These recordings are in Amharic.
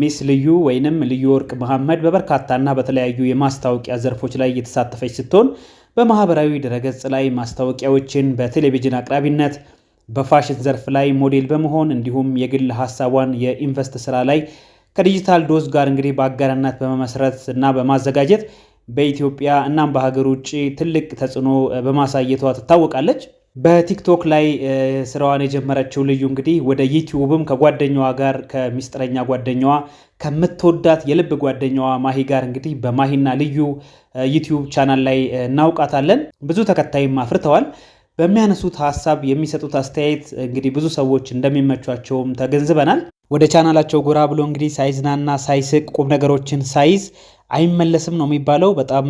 ሚስ ልዩ ወይንም ልዩ ወርቅ መሐመድ በበርካታና በተለያዩ የማስታወቂያ ዘርፎች ላይ እየተሳተፈች ስትሆን በማህበራዊ ድረገጽ ላይ ማስታወቂያዎችን በቴሌቪዥን አቅራቢነት፣ በፋሽን ዘርፍ ላይ ሞዴል በመሆን እንዲሁም የግል ሀሳቧን የኢንቨስት ስራ ላይ ከዲጂታል ዶዝ ጋር እንግዲህ በአጋርነት በመመስረት እና በማዘጋጀት በኢትዮጵያ እናም በሀገር ውጭ ትልቅ ተጽዕኖ በማሳየቷ ትታወቃለች። በቲክቶክ ላይ ስራዋን የጀመረችው ልዩ እንግዲህ ወደ ዩቲዩብም ከጓደኛዋ ጋር ከሚስጥረኛ ጓደኛዋ ከምትወዳት የልብ ጓደኛዋ ማሂ ጋር እንግዲህ በማሂና ልዩ ዩቲዩብ ቻናል ላይ እናውቃታለን። ብዙ ተከታይም አፍርተዋል። በሚያነሱት ሀሳብ የሚሰጡት አስተያየት እንግዲህ ብዙ ሰዎች እንደሚመቿቸውም ተገንዝበናል። ወደ ቻናላቸው ጎራ ብሎ እንግዲህ ሳይዝናና ሳይስቅ ቁም ነገሮችን ሳይዝ አይመለስም ነው የሚባለው። በጣም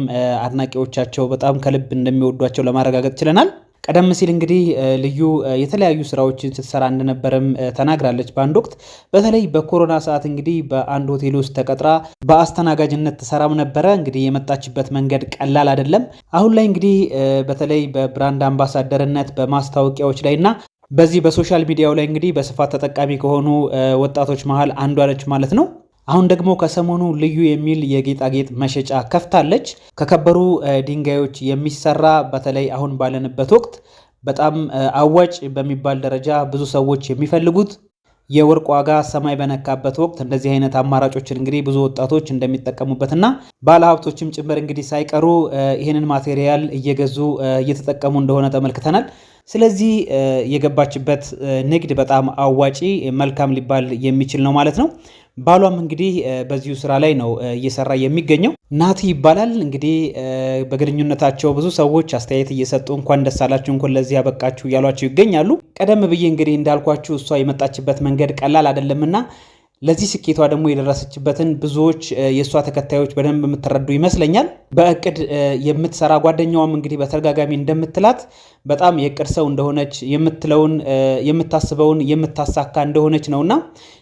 አድናቂዎቻቸው በጣም ከልብ እንደሚወዷቸው ለማረጋገጥ ችለናል። ቀደም ሲል እንግዲህ ልዩ የተለያዩ ስራዎችን ስትሰራ እንደነበረም ተናግራለች። በአንድ ወቅት በተለይ በኮሮና ሰዓት እንግዲህ በአንድ ሆቴል ውስጥ ተቀጥራ በአስተናጋጅነት ትሰራም ነበረ። እንግዲህ የመጣችበት መንገድ ቀላል አይደለም። አሁን ላይ እንግዲህ በተለይ በብራንድ አምባሳደርነት በማስታወቂያዎች ላይ እና በዚህ በሶሻል ሚዲያው ላይ እንግዲህ በስፋት ተጠቃሚ ከሆኑ ወጣቶች መሀል አንዷ ነች ማለት ነው። አሁን ደግሞ ከሰሞኑ ልዩ የሚል የጌጣጌጥ መሸጫ ከፍታለች። ከከበሩ ድንጋዮች የሚሰራ በተለይ አሁን ባለንበት ወቅት በጣም አዋጭ በሚባል ደረጃ ብዙ ሰዎች የሚፈልጉት የወርቅ ዋጋ ሰማይ በነካበት ወቅት እንደዚህ አይነት አማራጮችን እንግዲህ ብዙ ወጣቶች እንደሚጠቀሙበትና ባለሀብቶችም ጭምር እንግዲህ ሳይቀሩ ይህንን ማቴሪያል እየገዙ እየተጠቀሙ እንደሆነ ተመልክተናል። ስለዚህ የገባችበት ንግድ በጣም አዋጪ መልካም ሊባል የሚችል ነው ማለት ነው። ባሏም እንግዲህ በዚሁ ስራ ላይ ነው እየሰራ የሚገኘው። ናቲ ይባላል። እንግዲህ በግንኙነታቸው ብዙ ሰዎች አስተያየት እየሰጡ እንኳን ደስ አላችሁ፣ እንኳን ለዚህ ያበቃችሁ እያሏቸው ይገኛሉ። ቀደም ብዬ እንግዲህ እንዳልኳችሁ እሷ የመጣችበት መንገድ ቀላል አይደለምና ለዚህ ስኬቷ ደግሞ የደረሰችበትን ብዙዎች የእሷ ተከታዮች በደንብ የምትረዱ ይመስለኛል። በእቅድ የምትሰራ ጓደኛዋም እንግዲህ በተደጋጋሚ እንደምትላት በጣም የቅር ሰው እንደሆነች የምትለውን የምታስበውን የምታሳካ እንደሆነች ነውና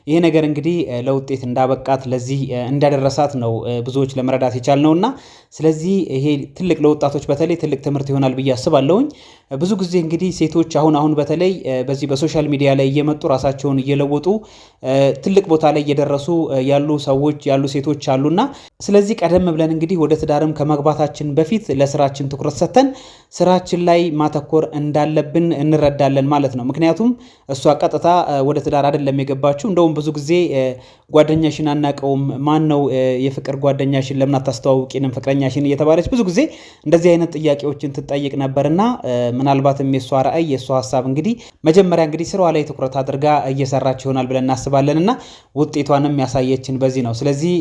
ይሄ ነገር እንግዲህ ለውጤት እንዳበቃት ለዚህ እንዳደረሳት ነው ብዙዎች ለመረዳት የቻልነውና ስለዚህ ይሄ ትልቅ ለወጣቶች በተለይ ትልቅ ትምህርት ይሆናል ብዬ አስባለሁኝ። ብዙ ጊዜ እንግዲህ ሴቶች አሁን አሁን በተለይ በዚህ በሶሻል ሚዲያ ላይ እየመጡ ራሳቸውን እየለወጡ ትልቅ ቦታ ላይ እየደረሱ ያሉ ሰዎች ያሉ ሴቶች አሉና ስለዚህ ቀደም ብለን እንግዲህ ወደ ትዳርም ከመግባታችን በፊት ለስራችን ትኩረት ሰጥተን ስራችን ላይ ማተኮ ማተኮር እንዳለብን እንረዳለን ማለት ነው። ምክንያቱም እሷ ቀጥታ ወደ ትዳር አይደለም የገባችው። እንደውም ብዙ ጊዜ ጓደኛሽን አናቀውም፣ ማን ነው የፍቅር ጓደኛሽን? ለምን አታስተዋውቂንም ፍቅረኛሽን? እየተባለች ብዙ ጊዜ እንደዚህ አይነት ጥያቄዎችን ትጠይቅ ነበርና ምናልባትም የእሷ ራዕይ የእሷ ሀሳብ እንግዲህ መጀመሪያ እንግዲህ ስራዋ ላይ ትኩረት አድርጋ እየሰራች ይሆናል ብለን እናስባለን እና ውጤቷንም ያሳየችን በዚህ ነው። ስለዚህ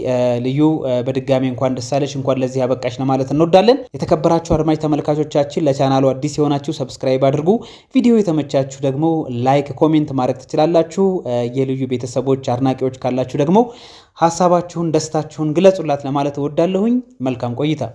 ልዩ በድጋሚ እንኳን ደሳለሽ እንኳን ለዚህ ያበቃሽ ነው ማለት እንወዳለን። የተከበራችሁ አድማጭ ተመልካቾቻችን ለቻናሉ አዲስ የሆናችሁ ሰብስክራይብ አድርጉ። ቪዲዮ የተመቻችሁ ደግሞ ላይክ፣ ኮሜንት ማድረግ ትችላላችሁ። የልዩ ቤተሰቦች አድናቂዎች ካላችሁ ደግሞ ሀሳባችሁን፣ ደስታችሁን ግለጹላት ለማለት እወዳለሁኝ። መልካም ቆይታ